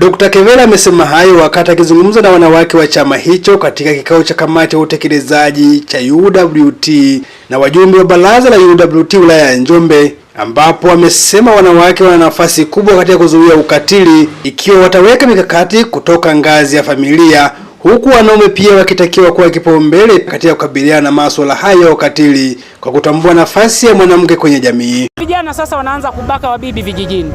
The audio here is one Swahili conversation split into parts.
Dr. Kevela amesema hayo wakati akizungumza na wanawake wa chama hicho katika kikao cha kamati ya utekelezaji cha UWT na wajumbe wa baraza la UWT wilaya ya Njombe ambapo wamesema wanawake wana nafasi kubwa katika kuzuia ukatili ikiwa wataweka mikakati kutoka ngazi ya familia huku wanaume pia wakitakiwa kuwa kipaumbele katika kukabiliana na masuala hayo ya ukatili kwa kutambua nafasi ya mwanamke kwenye jamii. Vijana sasa wanaanza kubaka wabibi vijijini.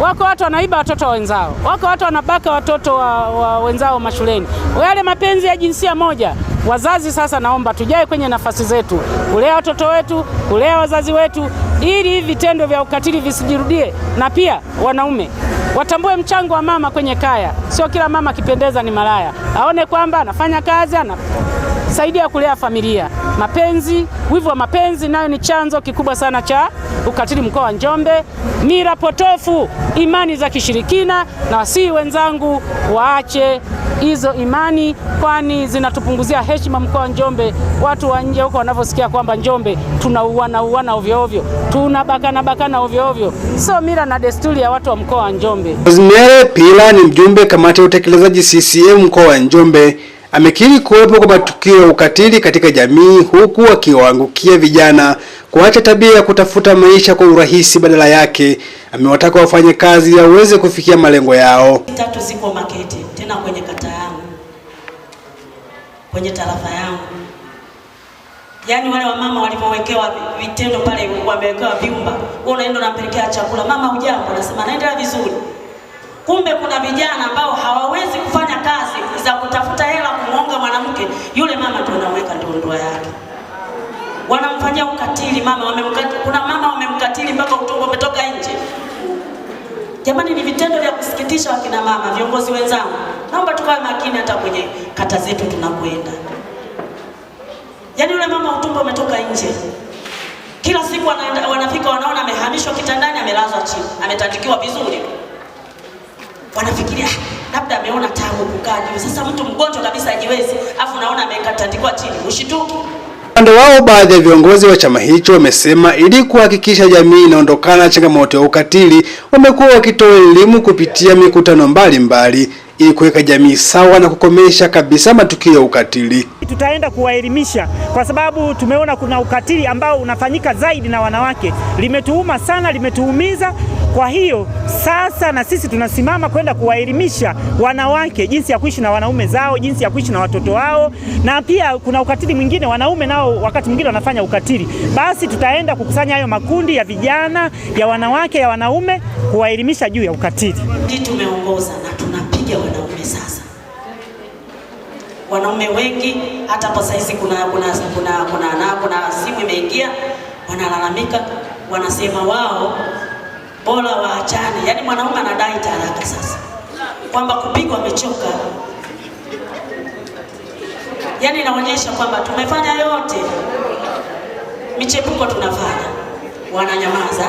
Wako watu wanaiba watoto wa wenzao, wako watu wanabaka watoto wa, wa wenzao mashuleni, yale mapenzi ya jinsia moja. Wazazi sasa, naomba tujae kwenye nafasi zetu kulea watoto wetu, kulea wazazi wetu, ili vitendo vya ukatili visijirudie, na pia wanaume watambue mchango wa mama kwenye kaya. Sio kila mama akipendeza ni malaya, aone kwamba anafanya kazi, anasaidia kulea familia mapenzi. Wivu wa mapenzi nayo ni chanzo kikubwa sana cha ukatili mkoa wa Njombe. Mila potofu, imani za kishirikina, na wasihi wenzangu waache hizo imani, kwani zinatupunguzia heshima mkoa wa Njombe. Watu wa nje huko wanavyosikia kwamba Njombe tunauana uana ovyo ovyo, tunabakana bakana ovyo ovyo, sio mila na desturi ya watu wa mkoa wa Njombe. Rosemary Pila ni mjumbe kamati ya utekelezaji CCM mkoa wa Njombe amekiri kuwepo kwa matukio ya ukatili katika jamii huku akiwaangukia vijana kuacha tabia ya kutafuta maisha kwa urahisi, badala yake amewataka wafanye kazi ili waweze kufikia malengo yao. Tatu ziko Makete, tena kwenye kata yangu, kwenye tarafa yangu. Yaani wale wamama walipowekewa vitendo pale, wamewekewa vyumba, wewe unaenda unampelekea chakula, mama hujambo, anasema naendelea vizuri, kumbe kuna vijana ambao wamemfanyia ukatili mama, wamemkatili. Kuna mama wamemkatili mpaka utumbo umetoka nje. Jamani, ni vitendo vya kusikitisha. Wakina mama, viongozi wenzangu, naomba tukawe makini hata kwenye kata zetu tunakwenda. Yaani yule mama utumbo umetoka nje, kila siku wanaenda, wanafika wanaona amehamishwa kitandani, amelazwa chini, ametandikiwa vizuri, wanafikiria labda ameona tangu kukaa juu. Sasa mtu mgonjwa kabisa ajiwezi, afu naona amekatandikwa chini, ushituki. Upande wao baadhi ya viongozi wa chama hicho wamesema ili kuhakikisha jamii inaondokana na changamoto ya ukatili, wamekuwa wakitoa elimu kupitia mikutano mbalimbali ili kuweka jamii sawa na kukomesha kabisa matukio ya ukatili. Tutaenda kuwaelimisha kwa sababu tumeona kuna ukatili ambao unafanyika zaidi na wanawake, limetuuma sana, limetuumiza. Kwa hiyo sasa na sisi tunasimama kwenda kuwaelimisha wanawake jinsi ya kuishi na wanaume zao, jinsi ya kuishi na watoto wao, na pia kuna ukatili mwingine, wanaume nao wakati mwingine wanafanya ukatili. Basi tutaenda kukusanya hayo makundi ya vijana, ya wanawake, ya wanaume, kuwaelimisha juu ya ukatili. tumeongoza na tunapiga wanaume sasa wanaume wengi hata hapa saizi kuna, kuna, kuna, kuna, kuna, kuna simu imeingia, wanalalamika, wanasema wao bora waachane. Yaani mwanaume anadai talaka sasa, kwamba kupigwa amechoka. Yaani inaonyesha kwamba tumefanya yote, michepuko tunafanya, wananyamaza,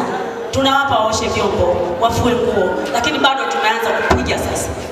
tunawapa waoshe vyombo, wafue nguo, lakini bado tumeanza kupiga sasa.